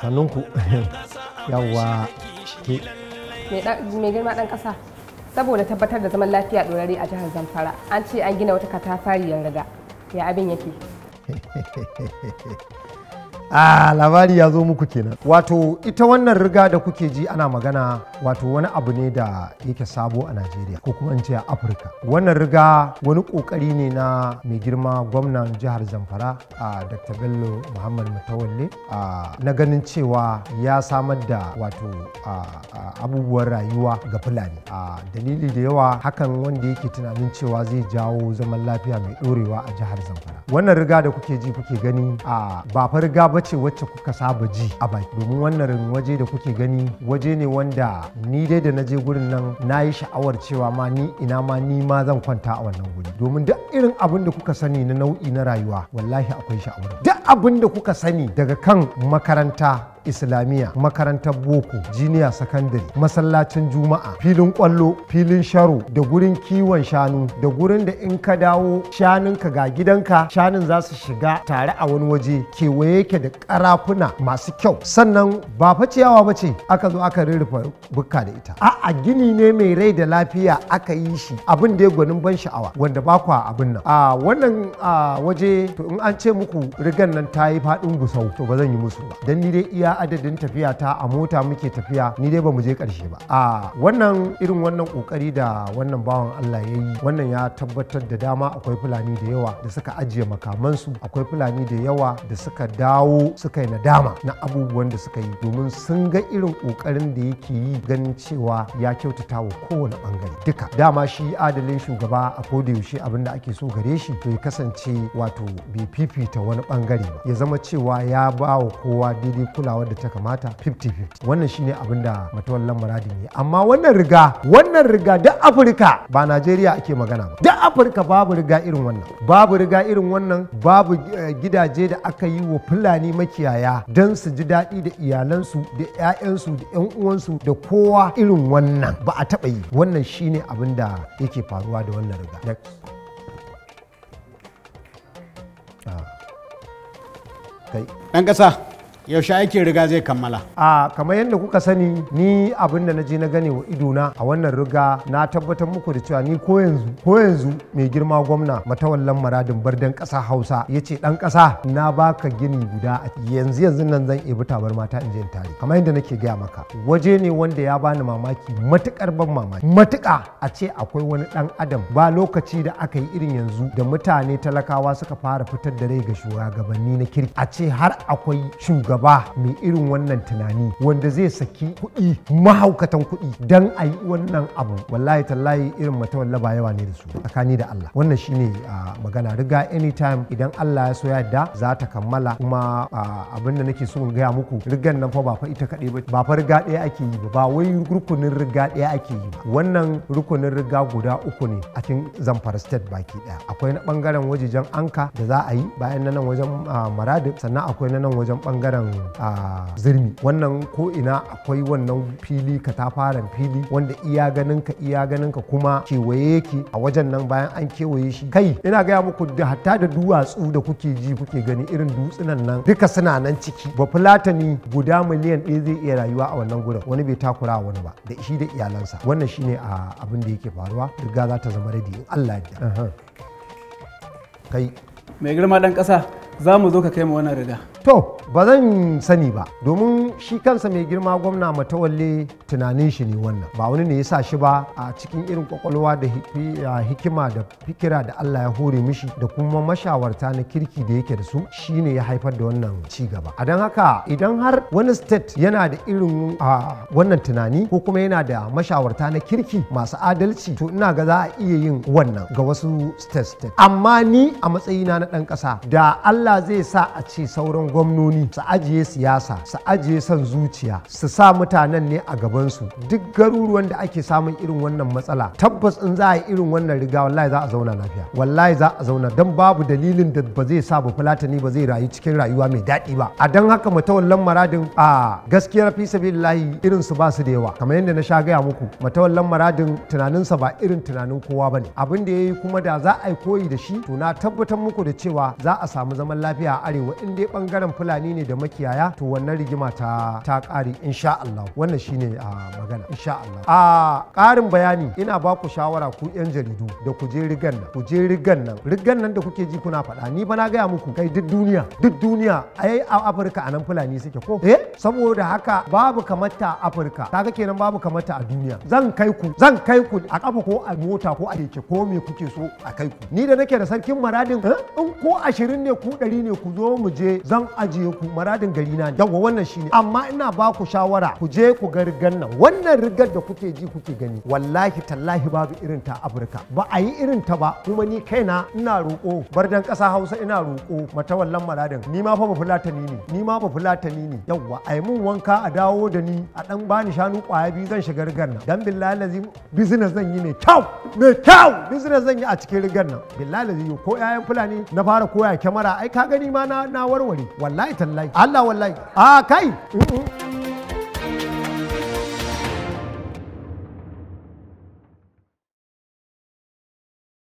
hannunku yawa ke mai girma dan kasa saboda tabbatar da zaman lafiya ɗorari a jihar zamfara an ce an gina wata katafariyar riga ya abin yake a labari ya zo muku kenan wato ita wannan riga da kuke ji ana magana wato wani abu ne da yake sabo a najeriya ko kuma in ce a afirka wannan riga wani kokari ne na mai girma gwamnan jihar zamfara a dr bello muhammad mutawalle na ganin cewa ya samar da wato abubuwan rayuwa ga fulani a dalili da yawa hakan wanda yake tunanin cewa zai jawo zaman lafiya mai dorewa a jihar zamfara wannan riga da kuke ji kuke gani a ba fa riga ba ce wacce kuka saba ji a baki domin wannan waje da kuke gani waje ne wanda ni dai da na je gurin nan na yi sha'awar cewa ma ni ina ma ni ma zan kwanta a wannan guri domin duk irin abin da kuka sani na nau'i na rayuwa wallahi akwai sha'awar duk abin da kuka sani daga kan makaranta islamiyya makarantar boko jiniya sakandare masallacin juma'a filin kwallo filin sharo da gurin kiwon shanu da gurin da in ka dawo shanunka ga gidanka shanun za su shiga tare a wani waje kewaye ke da karafuna masu kyau sannan ba fa ciyawa ba ce aka zo aka rurrufa bukka da ita a'a gini ne mai rai da lafiya aka yi shi abin da ya gwanin ban sha'awa wanda ba kwa abin nan a wannan waje to in an ce muku rigan nan ta yi faɗin gusau to ba zan yi musu ba dan ni dai iya adadin tafiya ta a mota muke tafiya ni dai ba mu je karshe ba a wannan irin wannan kokari da wannan bawan Allah ya yi wannan ya tabbatar da dama akwai fulani da yawa da suka ajiye makamansu akwai fulani da yawa da suka dawo suka yi nadama na abubuwan da suka yi domin sun ga irin kokarin da yake yi ganin cewa ya kyautata wa kowane bangare duka dama shi adalin shugaba a koda yaushe abin da ake so gare shi to ya kasance wato bai fifita wani bangare ba ya zama cewa ya ba wa kowa daidai kulawa wadda ta kamata 50-50 wannan shine abin da matawallan muradin yi amma wannan riga wannan riga da afirka ba najeriya ake magana ba da afirka babu riga irin wannan babu riga irin wannan babu eh, gidaje da aka yi wa fulani makiyaya don su ji daɗi da iyalansu da 'ya'yansu da 'yan uwansu da kowa irin wannan ba a taɓa yi wannan shine abin da yake faruwa da wannan riga Dan ah. ɗan ƙasa yaushe ake riga zai kammala a kamar yadda kuka sani ni abin da na je na gane wa idona a wannan riga na tabbatar muku da cewa ni ko yanzu ko yanzu mai girma gwamna matawallan maradin bardan kasa hausa ya ce dan kasa na baka gini guda a yanzu yanzu nan zan ibi tabar mata in je in tare kamar yadda nake gaya maka waje ne wanda ya bani mamaki matukar ban mamaki matuka a ce akwai wani ɗan adam ba lokaci da aka yi irin yanzu da mutane talakawa suka fara fitar da rai ga shugabanni na kirki a ce har akwai shugaban shugaba mai irin wannan tunani wanda zai saki kuɗi mahaukatan kuɗi don a yi wannan abu wallahi tallahi irin matawalla ba yawa ne da su tsakani da Allah wannan shine magana riga anytime idan Allah ya so yadda za ta kammala kuma abin da nake so in gaya muku rigan nan fa ba fa ita kaɗai ba ba fa riga ɗaya ake yi ba ba wai rukunin riga ɗaya ake yi ba wannan rukunin riga guda uku ne a cikin zamfara state baki ɗaya akwai na ɓangaren wajejen anka da za a yi bayan na nan wajen maradi sannan akwai na nan wajen ɓangaren a zirmi wannan ko ina akwai wannan fili katafaren fili wanda iya ganin ka iya ganin ka kuma kewaye yake a wajen nan bayan an kewaye shi kai ina gaya muku da hatta da duwatsu da kuke ji kuke gani irin dutsunan nan duka suna nan ciki ba fulatani guda miliyan ɗaya zai iya rayuwa a wannan gurin wani bai takura wani ba da shi da iyalansa wannan shine a abin da yake faruwa riga za ta zama radio Allah ya kai mai girma dan ƙasa za mu zo ka kai mu wannan riga To, ba zan sani ba, domin shi kansa mai girma gwamna matawalle tunanin shi ne wannan. Ba wani ne ya sa shi ba a cikin irin kwakwalwa da hikima da fikira da Allah ya hore mishi da kuma mashawarta na kirki da yake da su shi ne ya haifar da wannan ci gaba. A don haka idan har wani state yana da irin wannan tunani ko kuma yana da mashawarta na kirki masu adalci to ina ga za a iya yin wannan ga wasu state state. Amma ni a matsayina na ɗan ƙasa da Allah zai sa a ce sauran gwamnoni su ajiye siyasa su ajiye son zuciya su sa mutanen ne a gabansu duk garuruwan da ake samun irin wannan matsala tabbas in za a yi irin wannan riga wallahi za a zauna lafiya wallahi za a zauna don babu dalilin da ba zai sa ba fulatani ba zai rayu cikin rayuwa mai daɗi ba a don haka matawallan maradin a gaskiyar fi sabilillahi irin su ba su da yawa kamar yadda na sha gaya muku matawallan maradin tunaninsa ba irin tunanin kowa ba ne abin da ya yi kuma da za a yi koyi da shi to na tabbatar muku da cewa za a samu zaman lafiya a arewa in dai bangaren bangaren fulani ne da makiyaya to wannan rigima ta ta kare insha Allah wannan shine a ah, magana insha Allah a ah, ƙarin bayani ina ba ku shawara ku yan jaridu da ku je rigan nan ku je rigan nan rigan nan da kuke ji kuna faɗa ni ba na gaya muku kai duk duniya duk duniya ai a Afirka anan fulani suke ko eh saboda haka babu kamata a Afirka kaga kenan babu kamata a duniya zan kai ku zan kai ku a kafa ko a mota ko a keke ko me kuke so a kai ku ni da nake da sarkin maradin eh, in ko ashirin ne ku ɗari ne ku zo mu je zan ajiye ku maradin gari na ne yawa wannan shine amma ina ba ku shawara ku je ku ga rigar nan wannan rigar da kuke ji kuke gani wallahi tallahi babu irin ta Afirka ba a yi irin ta ba kuma ni kaina ina roƙo bardan ƙasa Hausa ina roƙo wallan maradin ni ma fa bafulatani ne ni ma bafulatani ne yawa ai mun wanka a dawo da ni a dan bani shanu kwaya biyu zan shiga rigar nan dan billahi lazim business zan yi mai kyau mai kyau business zan yi a cikin rigar nan billahi lazim ko 'ya'yan fulani na fara koya kyamara ai ka gani ma na warware wallahi tallahi Allah wallahi a ah, kai